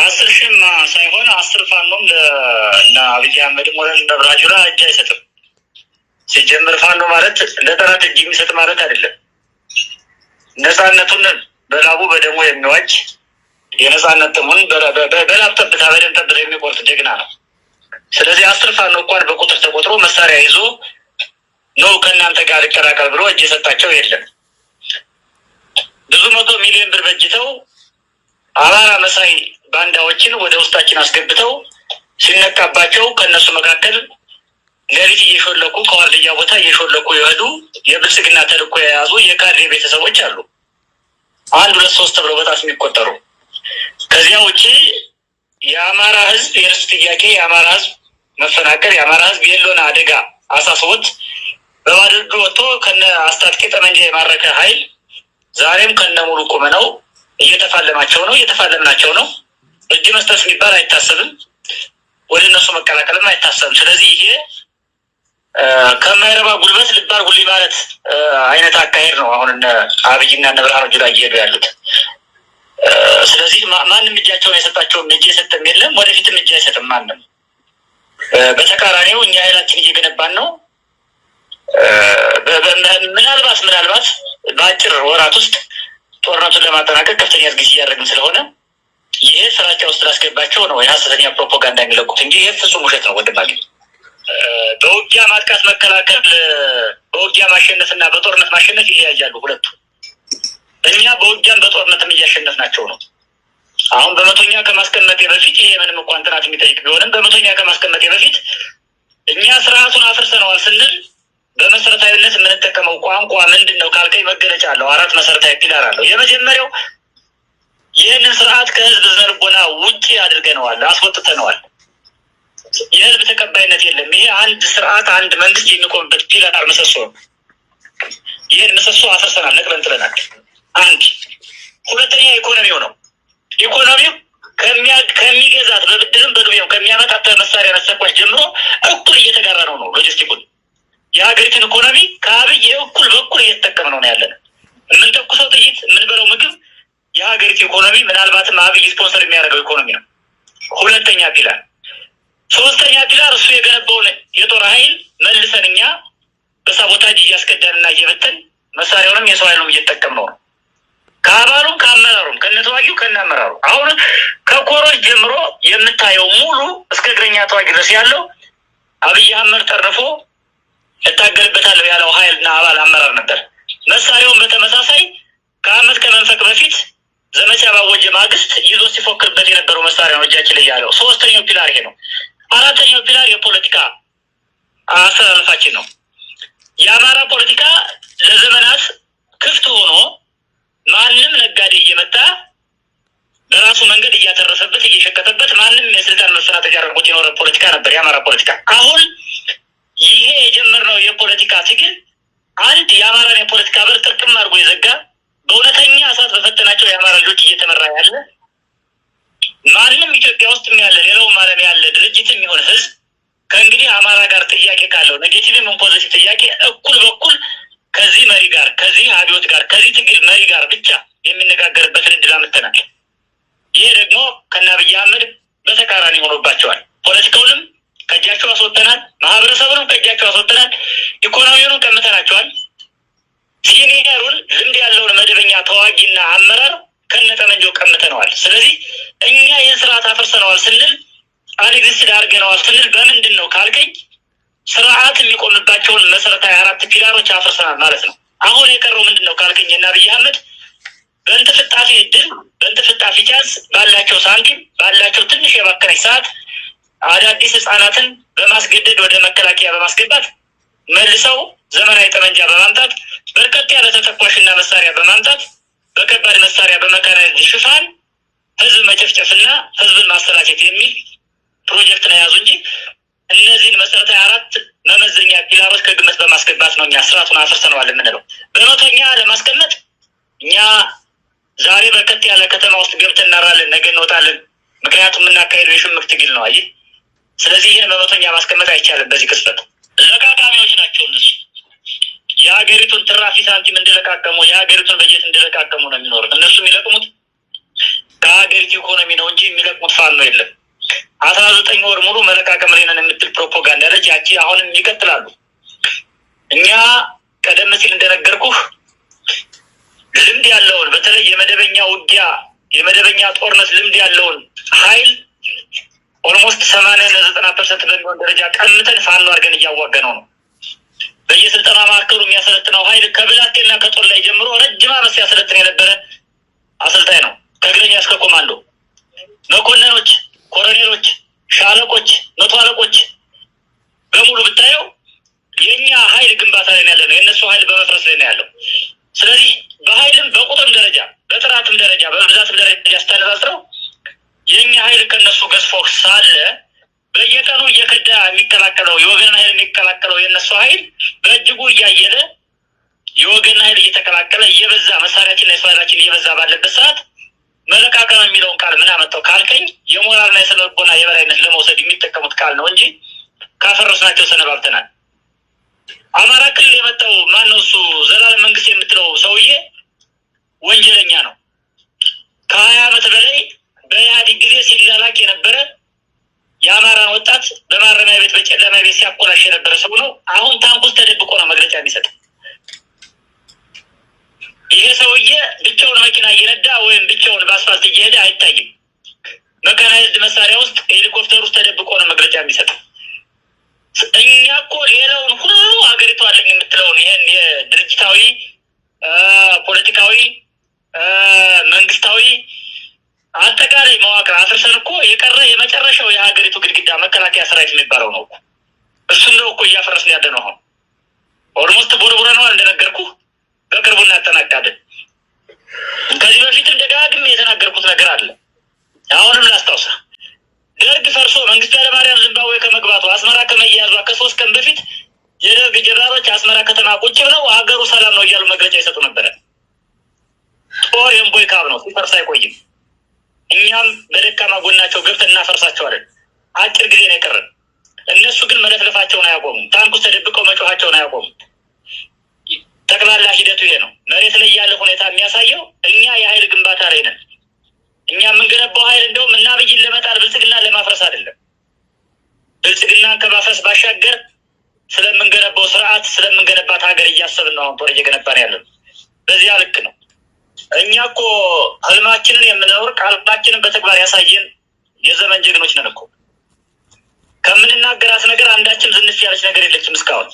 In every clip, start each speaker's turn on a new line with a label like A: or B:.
A: አስር ሺህም ሳይሆን አስር ፋኖም ለእነ አብይ አህመድም ሆነ ለራጁላ እጅ አይሰጥም። ሲጀምር ፋኖ ማለት ለጠላት እጅ የሚሰጥ ማለት አይደለም። ነፃነቱን በላቡ በደሞ የሚዋጅ የነፃነት ጥሙን በላብ ጠብታ በደም ጠብታ የሚቆርጥ ጀግና ነው። ስለዚህ አስር ፋኖ እንኳን በቁጥር ተቆጥሮ መሳሪያ ይዞ ነው ከእናንተ ጋር ልቀላቀል ብሎ እጅ የሰጣቸው የለም። ብዙ መቶ ሚሊዮን ብር በጅተው አማራ መሳይ ባንዳዎችን ወደ ውስጣችን አስገብተው ሲነቃባቸው ከእነሱ መካከል ሌሊት እየሾለኩ ከዋርድያ ቦታ እየሾለኩ የሄዱ የብልጽግና ተልኮ የያዙ የካድሬ ቤተሰቦች አሉ። አንድ ሁለት ሶስት ተብለው በጣት የሚቆጠሩ። ከዚያ ውጪ የአማራ ህዝብ የእርስ ጥያቄ የአማራ ህዝብ መፈናቀል የአማራ ህዝብ የለሆነ አደጋ አሳስቦት በባዶ እጁ ወጥቶ ከነ አስታጥቄ ጠመንጃ የማረከ ኃይል ዛሬም ከነ ሙሉ ቁመናው እየተፋለማቸው ነው፣ እየተፋለምናቸው ነው። እጅ መስጠት የሚባል አይታሰብም። ወደ እነሱ መቀላቀልም አይታሰብም። ስለዚህ ይሄ ከማይረባ ጉልበት ልባር ጉሊ ማለት አይነት አካሄድ ነው አሁን እነ አብይና እነ ብርሃኑ ጁላ እየሄዱ ያሉት። ስለዚህ ማንም እጃቸውን የሰጣቸውም እጅ የሰጠም የለም፣ ወደፊትም እጅ አይሰጥም ማንም። በተቃራኒው እኛ ኃይላችን እየገነባን ነው። ምናልባት ምናልባት በአጭር ወራት ውስጥ ጦርነቱን ለማጠናቀቅ ከፍተኛ ዝግጅት እያደረግን ስለሆነ ይሄ ስራቸው ውስጥ ላስገባቸው ነው የሀሰተኛ ፕሮፓጋንዳ የሚለቁት እንጂ ይሄ ፍጹም ውሸት ነው። ወንድማገኝ በውጊያ ማጥቃት፣ መከላከል፣ በውጊያ ማሸነፍ እና በጦርነት ማሸነፍ ይለያያሉ ሁለቱ። እኛ በውጊያም በጦርነትም እያሸነፍናቸው ነው። አሁን በመቶኛ ከማስቀመጤ በፊት ይሄ ምንም እንኳን ጥናት የሚጠይቅ ቢሆንም በመቶኛ ከማስቀመጤ በፊት እኛ ስርዓቱን አፍርሰነዋል ስንል በመሰረታዊነት የምንጠቀመው ቋንቋ ምንድን ነው ካልከኝ መገለጫ አለው። አራት መሰረታዊ ፒላር አለው። የመጀመሪያው ይህንን ስርዓት ከህዝብ ዘርቦና ውጭ አድርገነዋል፣ አስወጥተነዋል። የህዝብ ተቀባይነት የለም። ይሄ አንድ ስርዓት አንድ መንግስት የሚቆምበት ፒላር ምሰሶ ነው። ይህን ምሰሶ አስርሰናል፣ ነቅለን ጥለናል። አንድ ሁለተኛ ኢኮኖሚው ነው። ኢኮኖሚው ከሚገዛት በብድርም በግቢያው ከሚያመጣት መሳሪያ መሰኳች ጀምሮ እኩል እየተጋራ ነው ነው ሎጂስቲኩን የሀገሪቱን ኢኮኖሚ ከአብይ እኩል በኩል እየተጠቀም ነው ያለን የምንተኩሰው ጥይት የምንበለው ምግብ የሀገሪቱ ኢኮኖሚ ምናልባትም አብይ ስፖንሰር የሚያደርገው ኢኮኖሚ ነው። ሁለተኛ ፒላር። ሶስተኛ ፒላር እሱ የገነባውን የጦር ኃይል መልሰን እኛ በሳቦታጅ እያስገዳንና እየበተን መሳሪያውንም የሰው ኃይሉም እየተጠቀምነው ነው። ከአባሉም ከአመራሩም ከነተዋጊው ከነአመራሩ አሁን ከኮሮች ጀምሮ የምታየው ሙሉ እስከ እግረኛ ተዋጊ ድረስ ያለው አብይ አህመድ ጠርፎ እታገልበታለሁ ያለው ኃይልና አባል አመራር ነበር። መሳሪያውን በተመሳሳይ ከአመት ከመንፈቅ በፊት በተፈጀ ማግስት ይዞ ሲፎክርበት የነበረው መሳሪያ ነው እጃችን ላይ ያለው። ሶስተኛው ፒላር ይሄ ነው። አራተኛው ፒላር የፖለቲካ አስተላለፋችን ነው። የአማራ ፖለቲካ ለዘመናት ክፍት ሆኖ ማንም ነጋዴ እየመጣ በራሱ መንገድ እያተረፈበት እየሸቀጠበት ማንም የስልጣን መሰናተጃ አድርጎት የኖረ ፖለቲካ ነበር የአማራ ፖለቲካ። ዓለም ያለ ድርጅት የሚሆን ህዝብ ከእንግዲህ አማራ ጋር ጥያቄ ካለው ኔጌቲቭም ፖዘቲቭ ጥያቄ እኩል በኩል ከዚህ መሪ ጋር ከዚህ አብዮት ጋር ከዚህ ትግል መሪ ጋር ብቻ የሚነጋገርበትን እድል አምጥተናል። ይህ ደግሞ ከነ አብይ አህመድ በተቃራኒ ሆኖባቸዋል። ፖለቲካውንም ከእጃቸው አስወጥተናል። ማህበረሰቡንም ከእጃቸው አስወጥተናል። ኢኮኖሚውንም ቀምተናቸዋል። ሲኒየሩን ልምድ ያለውን መደበኛ ተዋጊና አመራር ከነጠመንጆ ቀምተነዋል። ስለዚህ እኛ ይህን ስርዓት አፍርሰነዋል ስንል አንግስት ዳርገነዋል ስንል በምንድን ነው ካልከኝ ስርዓት የሚቆምባቸውን መሰረታዊ አራት ፒላሮች አፍርሰናል ማለት ነው። አሁን የቀረው ምንድን ነው ካልከኝ ና አብይ አህመድ በእንትፍጣፊ እድል በእንትፍጣፊ ቻንስ ባላቸው ሳንቲም ባላቸው ትንሽ የባከነች ሰዓት አዳዲስ ህጻናትን በማስገደድ ወደ መከላከያ በማስገባት መልሰው ዘመናዊ ጠመንጃ በማምጣት በርከት ያለ ተተኳሽና መሳሪያ በማምጣት በከባድ መሳሪያ በመካናይዝድ ሽፋን ህዝብ መጨፍጨፍና ህዝብን ማሰራጨት የሚል ፕሮጀክት ነው ያዙ እንጂ እነዚህን መሰረታዊ አራት መመዘኛ ፒላሮች ከግምት በማስገባት ነው እኛ ስርዓቱን አፍርሰነዋል የምንለው። በመቶኛ ለማስቀመጥ እኛ ዛሬ በርከት ያለ ከተማ ውስጥ ገብተን እናራለን፣ ነገ እንወጣለን። ምክንያቱም የምናካሄደው የሽምቅ ትግል ነው። አይ ስለዚህ ይህን በመቶኛ ማስቀመጥ አይቻልም። በዚህ ክስፈት ለቃቃሚዎች ናቸው እነሱ የሀገሪቱን ትራፊ ሳንቲም እንደለቃቀሙ የሀገሪቱን በጀት የመደበኛ ጦርነት ልምድ ያለውን ኃይል ኦልሞስት ሰማንያ ዘጠና ፐርሰንት በሚሆን ደረጃ ቀምተን ፋኖ አድርገን እያዋገነው ነው። በየስልጠና ማዕከሉ የሚያሰለጥነው ኃይል ከብላቴና ከጦር ላይ ጀምሮ ረጅም ዓመት ሲያሰለጥን የነበረ አሰልጣኝ ነው፣ ከእግረኛ እስከ ኮማንዶ በየቀኑ እየከዳ የሚቀላቀለው የወገን ኃይል የሚቀላቀለው የእነሱ ኃይል በእጅጉ እያየለ የወገን ኃይል እየተቀላቀለ እየበዛ መሳሪያችንና እና እየበዛ ባለበት ሰዓት መለቃቀም የሚለውን ቃል ምን አመጣው ካልከኝ የሞራልና የስነ ልቦና የበላይነት ለመውሰድ የሚጠቀሙት ቃል ነው እንጂ ካፈረስናቸው ሰነባብተናል። አማራ ክልል የመጣው ማነው? እሱ ዘላለም መንግስት የምትለው ሰው በመኪና እየነዳ ወይም ብቻውን በአስፋልት እየሄደ አይታይም። መካናይዝድ መሳሪያ ውስጥ ሄሊኮፕተር ውስጥ ተደብቆ ነው መግለጫ የሚሰጥ። እኛ እኮ ሌላውን ሁሉ ሀገሪቷ አለኝ የምትለውን ይህን የድርጅታዊ ፖለቲካዊ፣ መንግስታዊ አጠቃላይ መዋቅር አፍርሰን እኮ የቀረ የመጨረሻው የሀገሪቱ ግድግዳ መከላከያ ሰራዊት የሚባለው ነው። እሱን ነው እኮ እያፈረስን ያለ ነው። አሁን ኦልሞስት ቦርቡረነዋል እንደነገርኩ በቅርቡ እናጠናቃለን። ከዚህ በፊትም ደጋግሜ የተናገርኩት ነገር አለ። አሁንም ላስታውሳ ደርግ ፈርሶ መንግስቱ ኃይለማርያም ዝምባብዌ ከመግባቷ አስመራ ከመያዟ ከሶስት ቀን በፊት የደርግ ጀራሮች አስመራ ከተማ ቁጭ ብለው ሀገሩ ሰላም ነው እያሉ መግለጫ ይሰጡ ነበረ። ጦር የእምቦይ ካብ ነው፣ ሲፈርስ አይቆይም። እኛም በደካማ ጎናቸው ገብተን እናፈርሳቸዋለን። አጭር ጊዜ ነው የቀረን። እነሱ ግን መለፍለፋቸውን አያቆሙም። ታንኩስ ተደብቀው መጮኋቸውን አያቆሙም። ጠቅላላ ሂደቱ ይሄ ነው። መሬት ላይ ያለ ሁኔታ የሚያሳየው እኛ የሀይል ግንባታ ላይ ነን። እኛ የምንገነባው ሀይል እንደውም እና አብይን ለመጣል ብልጽግና ለማፍረስ አይደለም። ብልጽግናን ከማፍረስ ባሻገር ስለምንገነባው ስርዓት ስለምንገነባት ሀገር እያሰብን ነው። አሁን ጦር እየገነባን ያለን በዚያ ልክ ነው። እኛ እኮ ህልማችንን የምንኖር ቃላችንን በተግባር ያሳየን የዘመን ጀግኖች ነን እኮ ከምንናገራት ነገር አንዳችም ዝንፍ ያለች ነገር የለችም እስካሁን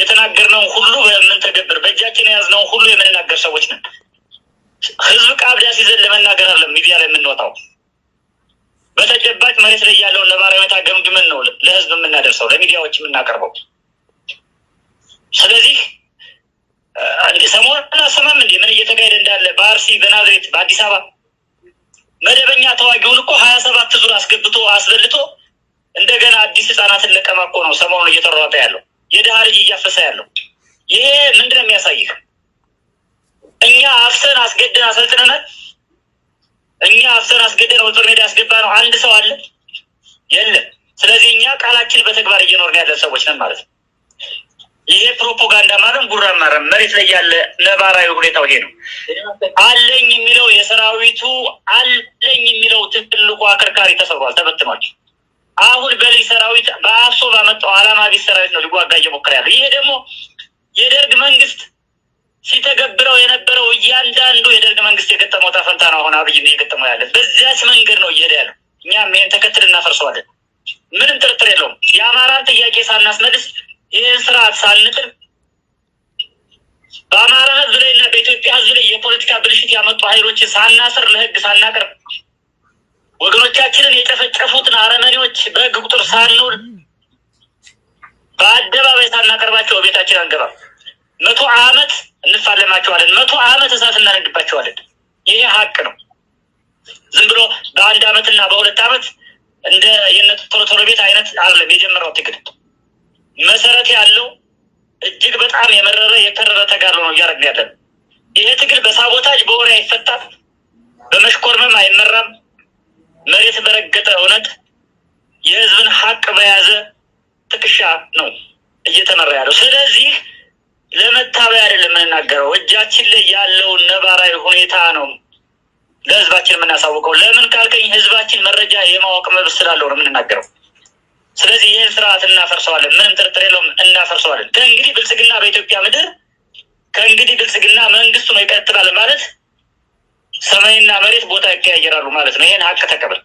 A: የተናገርነውን ሁሉ የምንተገብር በእጃችን የያዝነውን ሁሉ የምንናገር ሰዎች ነን። ህዝብ ቃብዳ ሲዘን ለመናገር አለ ሚዲያ ላይ የምንወጣው በተጨባጭ መሬት ላይ ያለውን ነባራዊ ሁኔታ ገምግመን ነው ለህዝብ የምናደርሰው ለሚዲያዎች የምናቀርበው። ስለዚህ ሰሞኑን አሰማም እንዴ ምን እየተካሄደ እንዳለ በአርሲ በናዝሬት በአዲስ አበባ መደበኛ ተዋጊውን እኮ ሀያ ሰባት ዙር አስገብቶ አስበልቶ እንደገና አዲስ ህጻናትን ለቀማ ነው ሰሞኑን እየተሯጠ ያለው የድሃ ልጅ እያፈሰ ያለው ይሄ ምንድን ነው የሚያሳይህ? እኛ አፍሰን አስገደን አሰልጥነናል። እኛ አፍሰን አስገደን ወጥር ሜዳ ያስገባ ነው አንድ ሰው አለ የለም። ስለዚህ እኛ ቃላችን በተግባር እየኖርን ያለን ሰዎች ነን ማለት ነው። ይሄ ፕሮፓጋንዳ ማለም ጉራ ማረም መሬት ላይ ያለ ነባራዊ ሁኔታው ይሄ ነው። አለኝ የሚለው የሰራዊቱ አለኝ የሚለው ትልቁ አከርካሪ ተሰብሯል፣ ተበትኗቸው አሁን በልጅ ሰራዊት በአሶ ባመጣው አላማ ቢስ ሰራዊት ነው ሊዋጋ እየሞከረ ያለ። ይሄ ደግሞ የደርግ መንግስት ሲተገብረው የነበረው እያንዳንዱ የደርግ መንግስት የገጠመው ተፈንታ ነው። አሁን አብይ የገጠመው ያለ በዚያች መንገድ ነው እየሄደ ያለው። እኛም ይህን ተከትል እናፈርሰዋለን። ምንም ጥርጥር የለውም። የአማራን ጥያቄ ሳናስመልስ ይህን ስርዓት ሳንጥል በአማራ ህዝብ ላይ እና በኢትዮጵያ ህዝብ ላይ የፖለቲካ ብልሽት ያመጡ ኃይሎችን ሳናስር ለህግ ሳናቀርብ ወገኖቻችንን የጨፈጨፉትን አረመኔዎች በህግ ቁጥር ሳንውል በአደባባይ ሳናቀርባቸው በቤታችን አንገባም። መቶ አመት እንፋለማቸዋለን። መቶ አመት እሳት እናነግባቸዋለን። ይሄ ሀቅ ነው። ዝም ብሎ በአንድ አመትና በሁለት አመት እንደ የነት ቶሎ ቶሎ ቤት አይነት አለም የጀመረው ትግል መሰረት ያለው እጅግ በጣም የመረረ የከረረ ተጋድሎ ነው እያደረግን ያለን። ይሄ ትግል በሳቦታጅ በወሬ አይፈታም፣ በመሽኮርመም አይመራም። መሬት በረገጠ እውነት የህዝብን ሀቅ በያዘ ትከሻ ነው እየተመራ ያለው። ስለዚህ ለመታበያ አይደለም የምንናገረው፣ እጃችን ላይ ያለውን ነባራዊ ሁኔታ ነው ለህዝባችን የምናሳውቀው። ለምን ካልከኝ ህዝባችን መረጃ የማወቅ መብት ስላለው ነው የምንናገረው። ስለዚህ ይህን ስርዓት እናፈርሰዋለን፣ ምንም ጥርጥር የለውም፣ እናፈርሰዋለን። ከእንግዲህ ብልጽግና በኢትዮጵያ ምድር ከእንግዲህ ብልጽግና መንግስቱ ነው ይቀጥላል ማለት ሰማይና መሬት ቦታ ይቀያየራሉ ማለት ነው። ይህን ሀቅ ተቀበል።